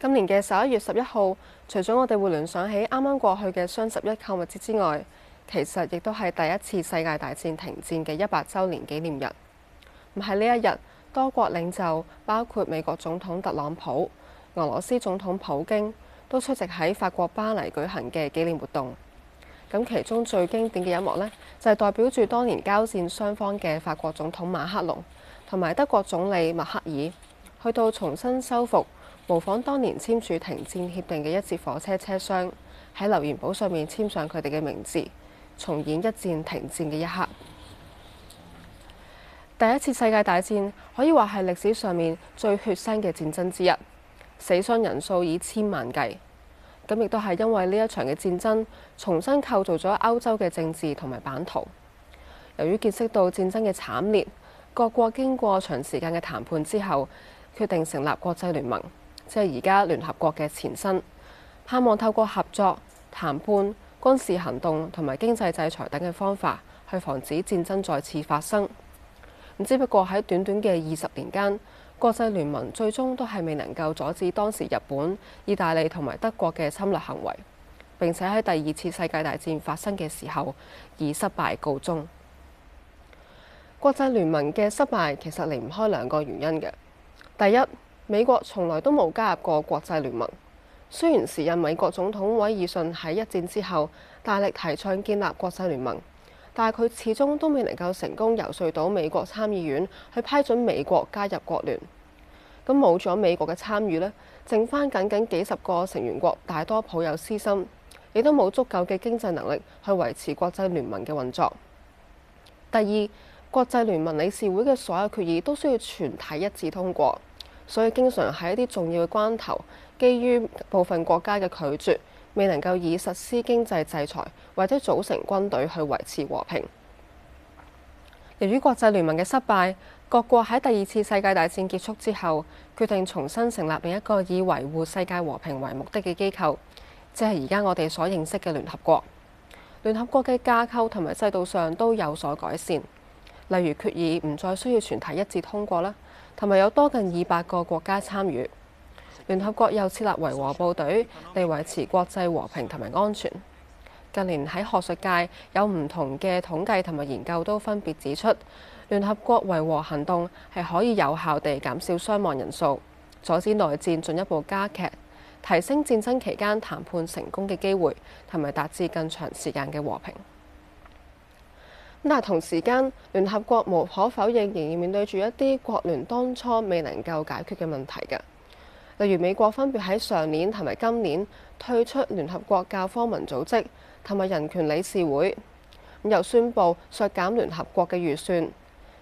今年嘅十一月十一號，除咗我哋會聯想起啱啱過去嘅雙十一購物節之外，其實亦都係第一次世界大戰停戰嘅一百週年紀念日。唔喺呢一日，多國領袖，包括美國總統特朗普、俄羅斯總統普京，都出席喺法國巴黎舉行嘅紀念活動。咁其中最經典嘅一幕呢，就係代表住當年交戰雙方嘅法國總統馬克龍同埋德國總理默克爾去到重新修復，模仿當年簽署停戰協定嘅一節火車車廂，喺留言簿上面簽上佢哋嘅名字，重演一戰停戰嘅一刻。第一次世界大戰可以話係歷史上面最血腥嘅戰爭之一，死傷人數以千萬計。咁亦都係因為呢一場嘅戰爭，重新構造咗歐洲嘅政治同埋版圖。由於見識到戰爭嘅慘烈，各國經過長時間嘅談判之後，決定成立國際聯盟。即係而家聯合國嘅前身，盼望透過合作、談判、軍事行動同埋經濟制裁等嘅方法，去防止戰爭再次發生。只不過喺短短嘅二十年間，國際聯盟最終都係未能夠阻止當時日本、意大利同埋德國嘅侵略行為，並且喺第二次世界大戰發生嘅時候以失敗告終。國際聯盟嘅失敗其實離唔開兩個原因嘅，第一，美國從來都冇加入過國際聯盟。雖然時任美國總統威爾遜喺一戰之後大力提倡建立國際聯盟，但係佢始終都未能夠成功遊說到美國參議院去批准美國加入國聯。咁冇咗美國嘅參與呢，剩翻僅僅幾十個成員國，大多抱有私心，亦都冇足夠嘅經濟能力去維持國際聯盟嘅運作。第二，國際聯盟理事會嘅所有決議都需要全體一致通過。所以經常喺一啲重要嘅關頭，基於部分國家嘅拒絕，未能夠以實施經濟制裁或者組成軍隊去維持和平。由於國際聯盟嘅失敗，各國喺第二次世界大戰結束之後，決定重新成立另一個以維護世界和平為目的嘅機構，即係而家我哋所認識嘅聯合國。聯合國嘅架構同埋制度上都有所改善，例如決議唔再需要全體一致通過啦。同埋有多近二百個國家參與聯合國，又設立維和部隊嚟維持國際和平同埋安全。近年喺學術界有唔同嘅統計同埋研究都分別指出，聯合國維和行動係可以有效地減少傷亡人數，阻止內戰進一步加劇，提升戰爭期間談判成功嘅機會，同埋達至更長時間嘅和平。咁但同時間，聯合國無可否認仍然面對住一啲國聯當初未能夠解決嘅問題嘅，例如美國分別喺上年同埋今年退出聯合國教科文組織同埋人權理事會，咁又宣布削減聯合國嘅預算，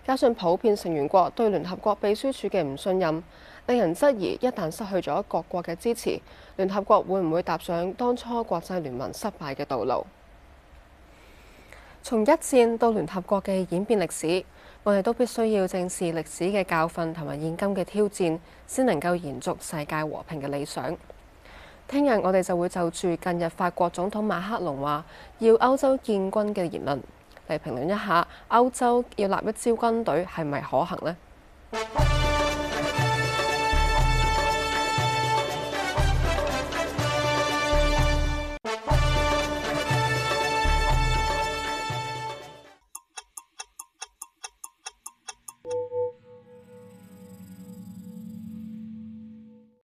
加上普遍成員國對聯合國秘書處嘅唔信任，令人質疑一旦失去咗各國嘅支持，聯合國會唔會踏上當初國際聯盟失敗嘅道路？從一戰到聯合國嘅演變歷史，我哋都必須要正視歷史嘅教訓同埋現今嘅挑戰，先能夠延續世界和平嘅理想。聽日我哋就會就住近日法國總統馬克龍話要歐洲建軍嘅言論，嚟評論一下歐洲要立一支軍隊係咪可行呢？